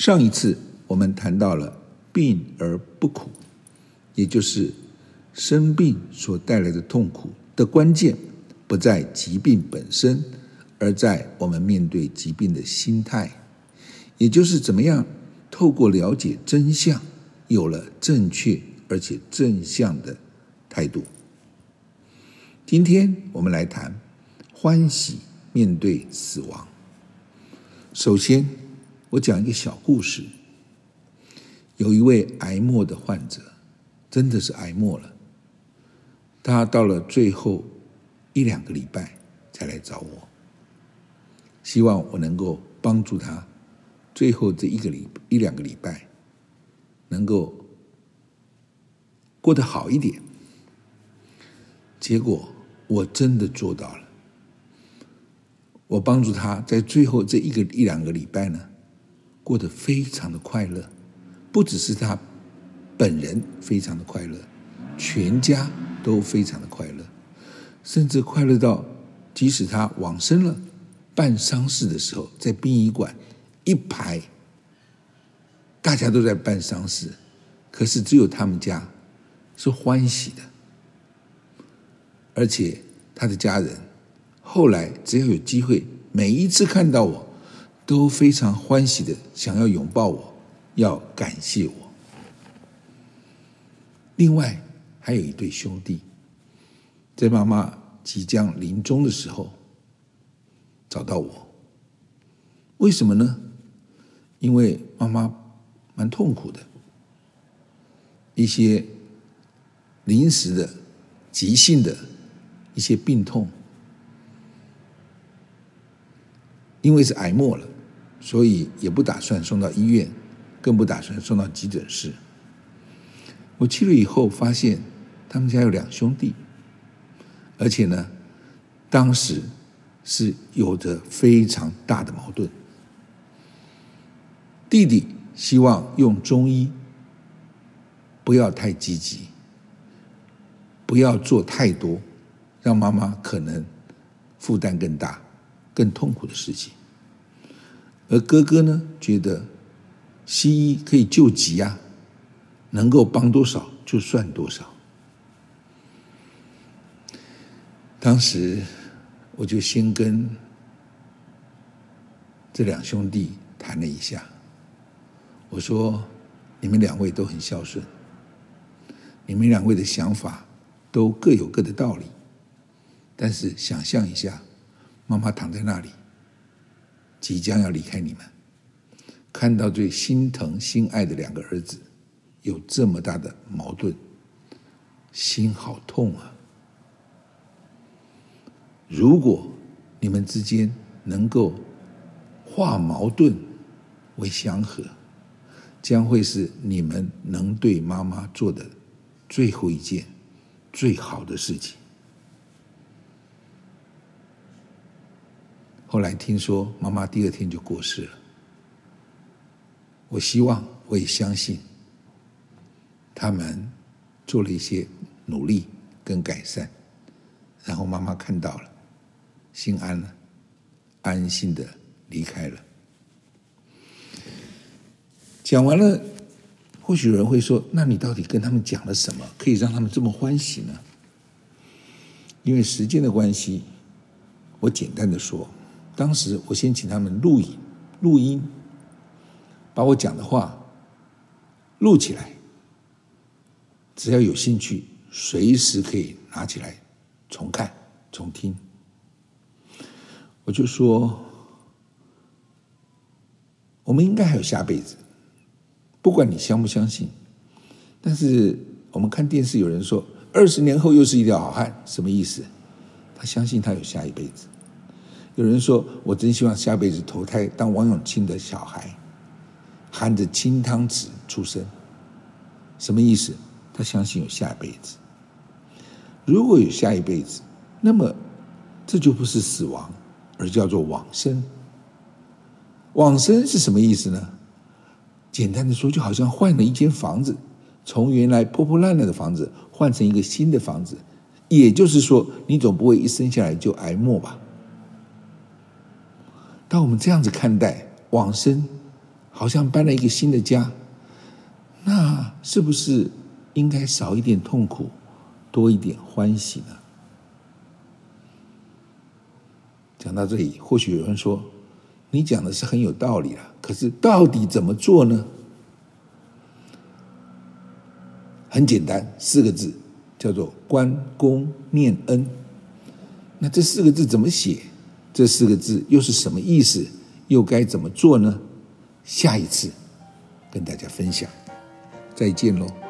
上一次我們談到了病而不苦，也就是生病所帶來的痛苦的關鍵不在疾病本身，而在我們面對疾病的心態，也就是怎麼樣透過了解真相，有了正確而且正向的態度。今天我們來談歡喜面對死亡。首先，我講一個小故事，有一位癌末的患者，真的是癌末了。他到了最後一兩個禮拜才來找我，希望我能夠幫助他，最後這一個禮一兩個禮拜能夠過得好一點。結果我真的做到了，我幫助他在最後這一個一兩個禮拜呢。過得非常的快樂，不只是他本人非常的快樂，全家都非常的快樂，甚至快樂到即使他往生了，辦喪事的時候，在殯儀館一排，大家都在辦喪事，可是只有他們家是歡喜的，而且他的家人後來只要有機會，每一次看到我。都非常歡喜的想要擁抱我，要感謝我。另外還有一對兄弟，在媽媽即將臨終的時候找到我。為什麼呢？因為媽媽蠻痛苦的，一些臨時的、急性的、一些病痛，因為是癌末了。所以也不打算送到醫院，更不打算送到急診室。我去了以後，發現他們家有兩兄弟，而且呢，當時是有着非常大的矛盾。弟弟希望用中醫，不要太積極，不要做太多，讓媽媽可能負擔更大、更痛苦的事情。而哥哥呢，覺得西醫可以救急啊，能夠幫多少就算多少。當時我就先跟這兩兄弟談了一下，我說：“你們兩位都很孝順，你們兩位的想法都各有各的道理，但是想象一下，媽媽躺在那裡。”即將要離開你們，看到最心疼、心愛的兩個兒子有這麼大的矛盾，心好痛啊！如果你們之間能夠化矛盾為祥和，將會是你們能對媽媽做的最後一件最好的事情。後來聽說媽媽第二天就過世了，我希望我也相信，他們做了一些努力跟改善，然後媽媽看到了，心安了，安心的離開了。講完了，或許有人會說，那你到底跟他們講了什麼，可以讓他們這麼歡喜呢？因為時間的關係，我簡單的說。當時我先請他們錄影、錄音，把我講的話錄起來。只要有興趣，隨時可以拿起來重看、重聽。我就說，我們應該還有下輩子，不管你相不相信。但是我們看電視有人說，二十年後又是一條好漢，什麼意思？他相信他有下一輩子。有人說：“我真希望下輩子投胎當王永慶的小孩，含着金湯匙出生。”什麼意思？他相信有下輩子。如果有下一輩子，那麼這就不是死亡，而叫做往生。往生是什麼意思呢？簡單的說，就好像換了一間房子，從原來破破爛爛的房子換成一個新的房子。也就是說，你總不會一生下來就挨磨吧？當我們這樣子看待往生，好像搬了一個新的家，那是不是應該少一點痛苦，多一點歡喜呢？講到這裡，或許有人說：“你講的是很有道理啊，可是到底怎麼做呢？”很簡單，四個字叫做“觀功念恩”。那這四個字怎麼寫？這四個字又是什麼意思？又該怎麼做呢？下一次跟大家分享，再見嘍。